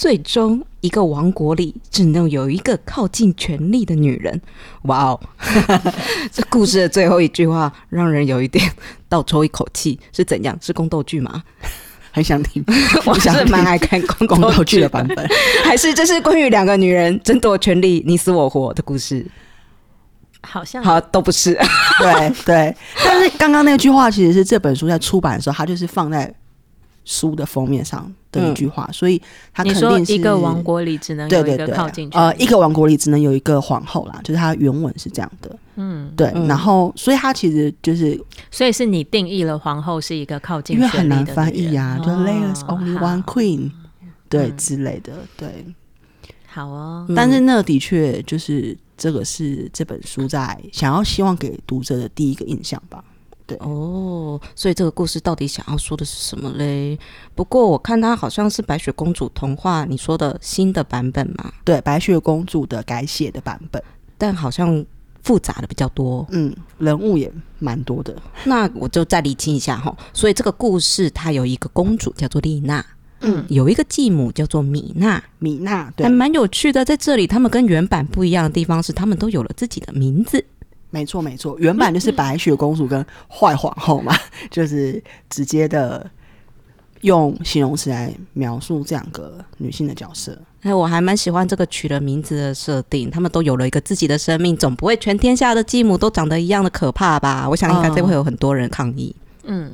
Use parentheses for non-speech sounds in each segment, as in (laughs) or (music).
最終，一個王國裡只能有一個靠近權力的女人。哇哦，呵呵這故事的最後一句話讓人有一點倒抽一口氣，是怎樣？是宮鬥劇嗎？很想聽， (laughs) 我是蠻愛看宮宮鬥劇的版本， (laughs) 還是這是關於兩個女人爭奪權力你死我活的故事？好像好都不是， (laughs) 對對。但是剛剛那句話其實是這本書在出版的時候，它就是放在。書的封面上的一句話，嗯、所以他肯定一個王國裡只能對對對，呃，一個王國裡只能有一個皇後啦，嗯、就是他原文是這樣的，嗯，對，然後所以他其實就是，所以是你定義了皇後是一個靠近的的，因為很難翻譯啊，哦、就 there's only one queen，哦、對之類的，嗯、對，好哦，但是那的確就是這個是這本書在想要希望給讀者的第一個印象吧。對哦，所以這個故事到底想要說的是什麼嘞？不過我看它好像是《白雪公主》童話，你說的新的版本嘛？對，《白雪公主》的改寫的版本，但好像複雜的比較多，嗯，人物也蠻多的。那我就再理清一下哈，所以這個故事它有一個公主叫做麗娜，嗯，有一個繼母叫做米娜，米娜，對，還蠻有趣的。在這裡，他們跟原版不一樣的地方是，他們都有了自己的名字。沒錯，沒錯，原版就是白雪公主跟壞皇後嘛，就是直接的用形容詞來描述這兩個女性的角色。那、哎、我還蠻喜歡這個取了名字的設定，他們都有了一個自己的生命，總不會全天下的繼母都長得一樣的可怕吧？我想應該這會有很多人抗議。哦、嗯，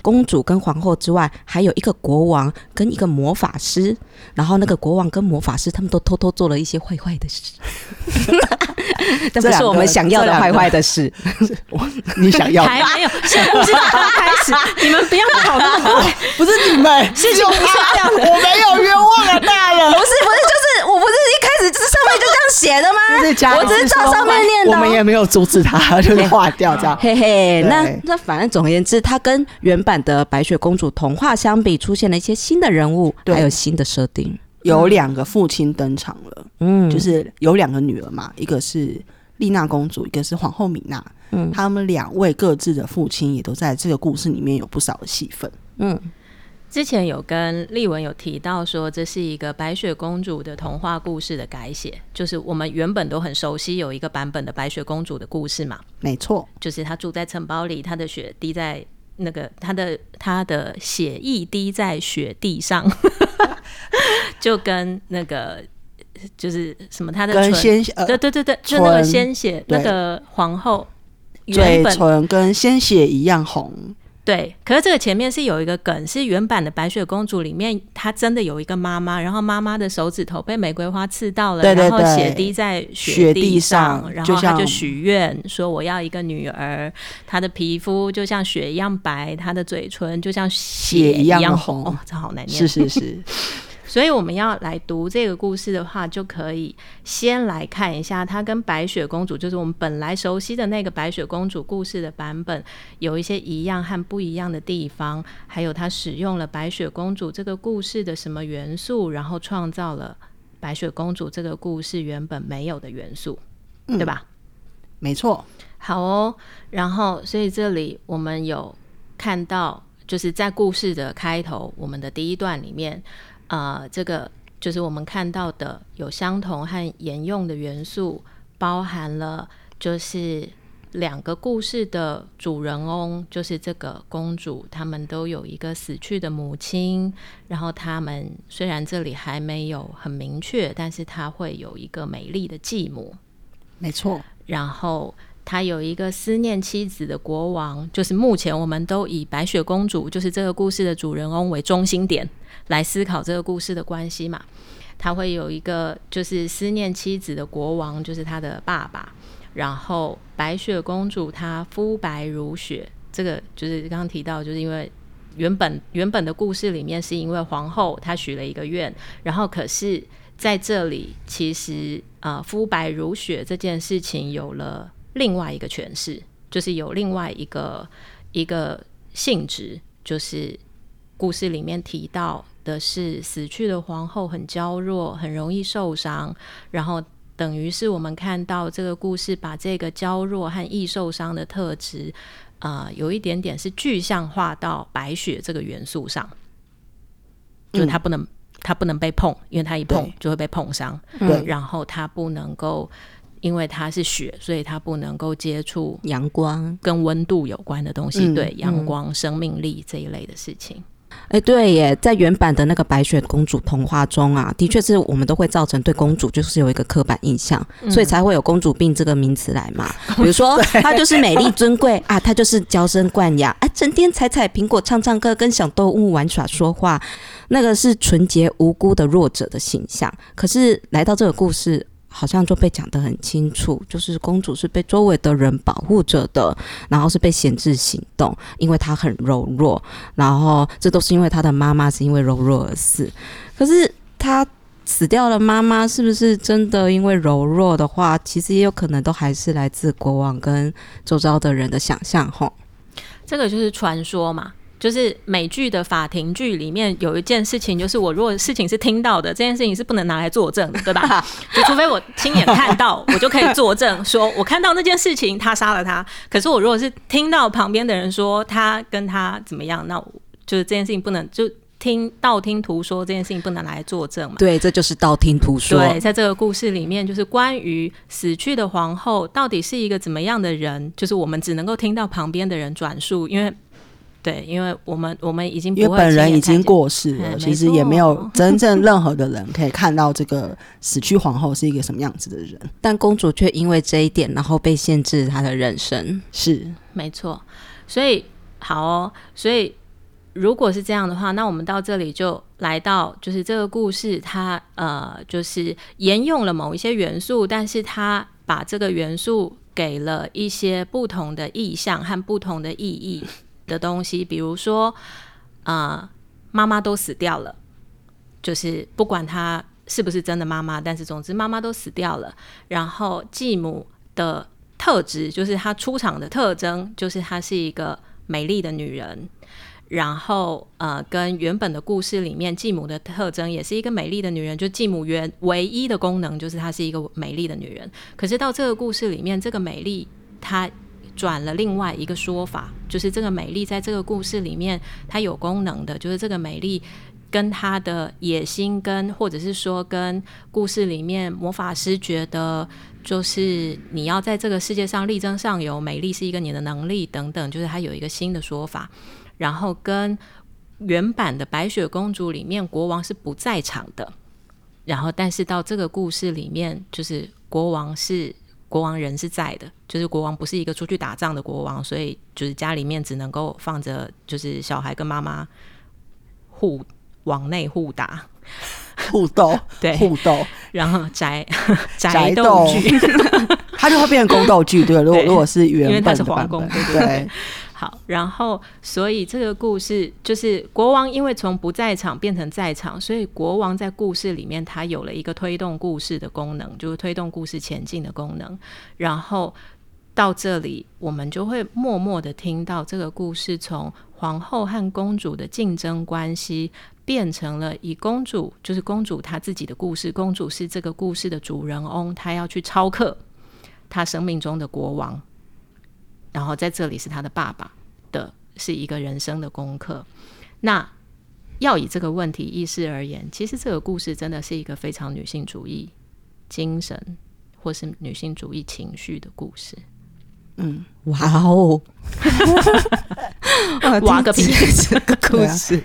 公主跟皇後之外，還有一個國王跟一個魔法師，然後那個國王跟魔法師他們都偷偷做了一些壞壞的事。 (laughs) 這是我們想要的壞壞的事。我你想要？還沒有，我不是剛開始。你們不要跑那麼快，哦啊，不是你們，謝謝我們大我沒有冤枉啊，大人。不是不是，就是我不是一開始這上面就這樣寫的嗎？的我只是照上面念的，哦。我們也沒有阻止他，就是化掉這樣。嘿嘿，那那反正總而言之，他跟原版的《白雪公主》童話相比，出現了一些新的人物，對還有新的設定。有兩個父親登場了。嗯，就是有兩個女兒嘛，一個是麗娜公主，一個是皇後米娜。嗯，他們兩位各自的父親也都在這個故事裡面有不少的戲份。嗯，之前有跟俐文有提到說，這是一個白雪公主的童話故事的改寫，就是我們原本都很熟悉有一個版本的白雪公主的故事嘛。沒錯錯，就是她住在城堡裡，她的血滴在那個她的她的血液滴在雪地上， (laughs) 就跟那個。就是什麼他的唇，對、呃、對對對，唇就那個鮮血對那個皇後，原本跟鮮血一樣紅。對，可是這個前面是有一個梗，是原版的《白雪公主》裡面，她真的有一個媽媽，然後媽媽的手指頭被玫瑰花刺到了，對對對然後血滴在雪地上，地上然後她就許願說：“我要一個女兒，像她的皮膚就像雪一樣白，她的嘴唇就像血一樣紅。樣紅”哦，這好難念。是是是。 (laughs) 所以我們要來讀這個故事的話，就可以先來看一下他跟白雪公主，就是我們本來熟悉的那個白雪公主故事的版本，有一些一樣和不一樣的地方，還有他使用了白雪公主這個故事的什麼元素，然後創造了白雪公主這個故事原本沒有的元素，嗯、對吧？沒錯，好哦。然後，所以這裡我們有看到，就是在故事的開頭，我們的第一段裡面。呃，這個就是我們看到的有相同和沿用的元素，包含了就是兩個故事的主人翁，就是這個公主，他們都有一個死去的母親，然後他們雖然這裡還沒有很明確，但是他會有一個美麗的繼母，沒錯，然後。他有一個思念妻子的國王，就是目前我們都以白雪公主，就是這個故事的主人翁為中心點來思考這個故事的關係嘛。他會有一個就是思念妻子的國王，就是他的爸爸。然後白雪公主她膚白如雪，這個就是剛剛提到，就是因為原本原本的故事裡面是因為皇後她許了一個願，然後可是在這裡其實啊呃、膚白如雪這件事情有了。另外一個詮釋，就是有另外一個一個性質，就是故事裡面提到的是死去的皇後很嬌弱，很容易受傷。然後等於是我們看到這個故事，把這個嬌弱和易受傷的特質，啊、呃，有一點點是具象化到白雪這個元素上，嗯、就是它不能它不能被碰，因為它一碰就會被碰傷。對，然後它不能夠。因為它是雪，所以它不能夠接觸陽光跟溫度有關的東西。對陽光、光嗯嗯、生命力這一類的事情。哎、欸，對耶，在原版的那個白雪公主童話中啊，的確是我們都會造成對公主就是有一個刻板印象，嗯、所以才會有公主病這個名詞來嘛。比如說， (laughs) 對 她就是美麗尊貴啊，她就是嬌生慣養，哎、啊，整天踩踩蘋果、唱唱歌、跟小動物玩耍、說話，那個是純潔無辜的弱者的形象。可是來到這個故事。好像就被講得很清楚，就是公主是被周圍的人保護着的，然後是被限制行動，因為她很柔弱，然後這都是因為她的媽媽是因為柔弱而死。可是她死掉的媽媽是不是真的因為柔弱的話，其實也有可能都還是來自國王跟周遭的人的想象吼。這個就是傳說嘛。就是美劇的法庭劇裡面有一件事情，就是我如果事情是聽到的，這件事情是不能拿來作證的，對吧？ (laughs) 就除非我親眼看到， (laughs) 我就可以作證，說我看到那件事情，他殺了他。可是我如果是聽到旁邊的人說他跟他怎麼樣，那就是這件事情不能就聽道聽途說，這件事情不能拿來作證嘛？對，這就是道聽途說。對，在這個故事裡面，就是關於死去的皇后到底是一個怎麼樣的人，就是我們只能夠聽到旁邊的人轉述，因為。對，因為我們我們已經我本人已經過世了，嗯、其實也沒有真正任何的人可以看到這個死去皇後是一個什麼樣子的人， (laughs) 但公主卻因為這一點，然後被限制她的人生，是沒錯。所以好哦，所以如果是這樣的話，那我們到這裡就來到就是這個故事它，它呃，就是沿用了某一些元素，但是它把這個元素給了一些不同的意象和不同的意義。 (laughs) 的東西，比如說，啊、呃，媽媽都死掉了，就是不管她是不是真的媽媽，但是總之媽媽都死掉了。然後繼母的特質，就是她出場的特徵，就是她是一個美麗的女人。然後呃，跟原本的故事裡面繼母的特徵，也是一個美麗的女人。就繼母原唯一的功能，就是她是一個美麗的女人。可是到這個故事裡面，這個美麗她。轉了另外一個說法，就是這個美麗在這個故事裡面，它有功能的，就是這個美麗跟她的野心，跟或者是說跟故事裡面魔法師覺得，就是你要在這個世界上力爭上游，美麗是一個你的能力等等，就是它有一個新的說法。然後跟原版的《白雪公主》裡面，國王是不在場的，然後但是到這個故事裡面，就是國王是。國王人是在的，就是國王不是一個出去打仗的國王，所以就是家裡面只能夠放着，就是小孩跟媽媽互往內互打，互鬥，對，互鬥，然後宅宅鬥劇，它 (laughs) 鬥巨 (laughs) 就會變成宮鬥劇，對。如果對如果是原本的因為，他是皇宮，對不對，對？ (laughs) 好，然後，所以這個故事就是國王，因為從不在場變成在場，所以國王在故事裡面他有了一個推動故事的功能，就是推動故事前進的功能。然後到這裡，我們就會默默地聽到這個故事從皇後和公主的競爭關係變成了以公主，就是公主她自己的故事。公主是這個故事的主人翁，她要去超克她生命中的國王。然後在這裡是他的爸爸的，是一個人生的功課。那要以這個問題意識而言，其實這個故事真的是一個非常女性主義精神或是女性主義情緒的故事。嗯，哇哦！哇，啊、個屁！這個故事，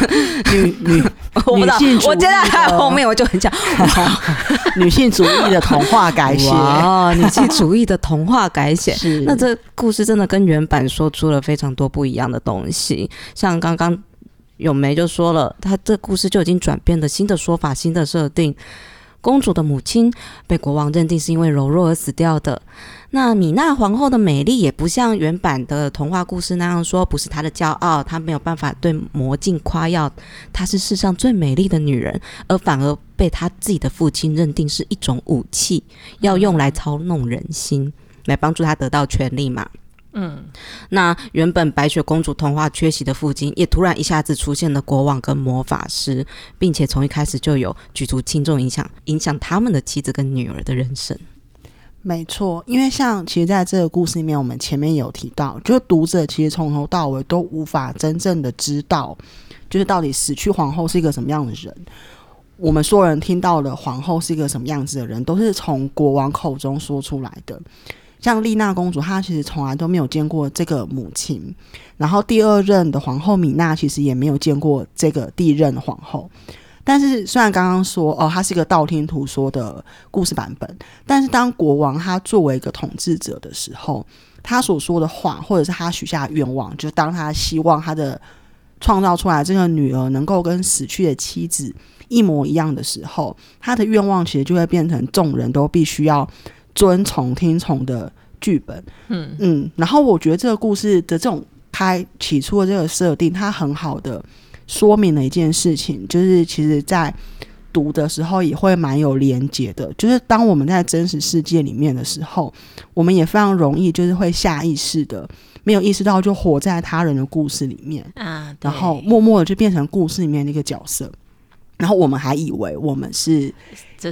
(laughs) 你女 (laughs) 女我女性主義的，我真的後面我就很想，哇 (laughs) 女性主義的童話改寫，哇 (laughs) 女性主義的童話改寫， (laughs) 是那這故事真的跟原版說出了非常多不一樣的東西。像剛剛阿梅就說了，她這故事就已經轉變了新的說法，新的設定。公主的母親被國王認定是因為柔弱而死掉的。那米娜皇後的美麗也不像原版的童話故事那樣說，不是她的驕傲，她沒有辦法對魔鏡誇耀，她是世上最美麗的女人，而反而被她自己的父親認定是一種武器，要用來操弄人心，來幫助她得到權力嘛。嗯，那原本白雪公主童話缺席的父親，也突然一下子出現了國王跟魔法師，並且從一開始就有舉足輕重影響，影響他們的妻子跟女兒的人生。沒錯，因為像其實，在這個故事裡面，我們前面有提到，就是讀者其實從頭到尾都無法真正的知道，就是到底死去皇後是一個什麼樣的人。我們所有人聽到的皇後是一個什麼樣子的人，都是從國王口中說出來的。像麗娜公主，她其實從來都沒有見過這個母親。然後第二任的皇後米娜，其實也沒有見過這個第一任的皇後。但是，雖然剛剛說哦，她是一個道聽途說的故事版本，但是當國王他作為一個統治者的時候，他所說的話，或者是他許下的願望，就是、當他希望他的創造出來這個女兒能夠跟死去的妻子一模一樣的時候，他的願望其實就會變成眾人都必須要。遵從、聽從的劇本，嗯嗯，然後我覺得這個故事的這種它起初的這個設定，它很好的說明了一件事情，就是其實，在讀的時候也會蠻有連結的。就是當我們在真實世界裡面的時候，我們也非常容易，就是會下意識的沒有意識到，就活在他人的故事裡面啊，然後默默的就變成故事裡面的一個角色。然後我們還以為我們是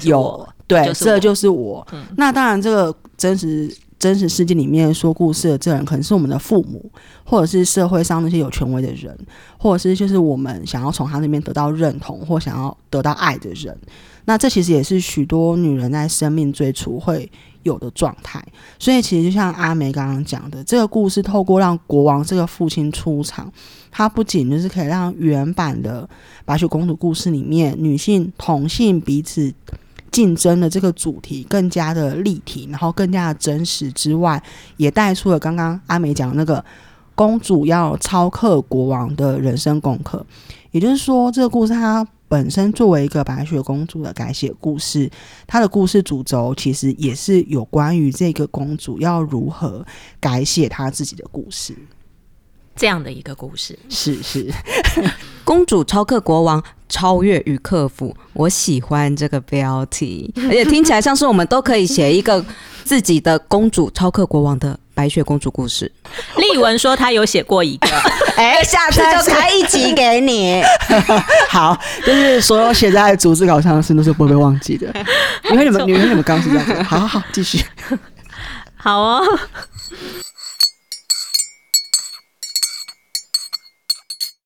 有是對，就這就是我。嗯、那當然，這個真實真實世界裡面說故事的這人，可能是我們的父母，或者是社會上那些有權威的人，或者是就是我們想要從他那邊得到認同或想要得到愛的人。那這其實也是許多女人在生命最初會有的狀態，所以其實就像阿梅剛剛講的，這個故事透過讓國王這個父親出場，它不僅就是可以讓原版的白雪公主故事裡面女性同性彼此競爭的這個主題更加的立體，然後更加的真實之外，也帶出了剛剛阿梅講的那個公主要超克國王的人生功課，也就是說這個故事它。本身作為一個白雪公主的改寫故事，她的故事主軸其實也是有關於這個公主要如何改寫她自己的故事，這樣的一個故事。是是， (laughs) (laughs) 公主超克國王，超越與克服。我喜歡這個標題，而且聽起來像是我們都可以寫一個自己的公主超克國王的。白雪公主故事，俐文說她有寫過一個，哎、 (laughs) 欸，下次就開一集給你。 (laughs) 好，就是所有寫在組織稿上的事都是不會被忘記的。因為 (laughs) 你們， (laughs) 因為你們剛是這樣， (laughs) (laughs) 好好好，繼續。好哦。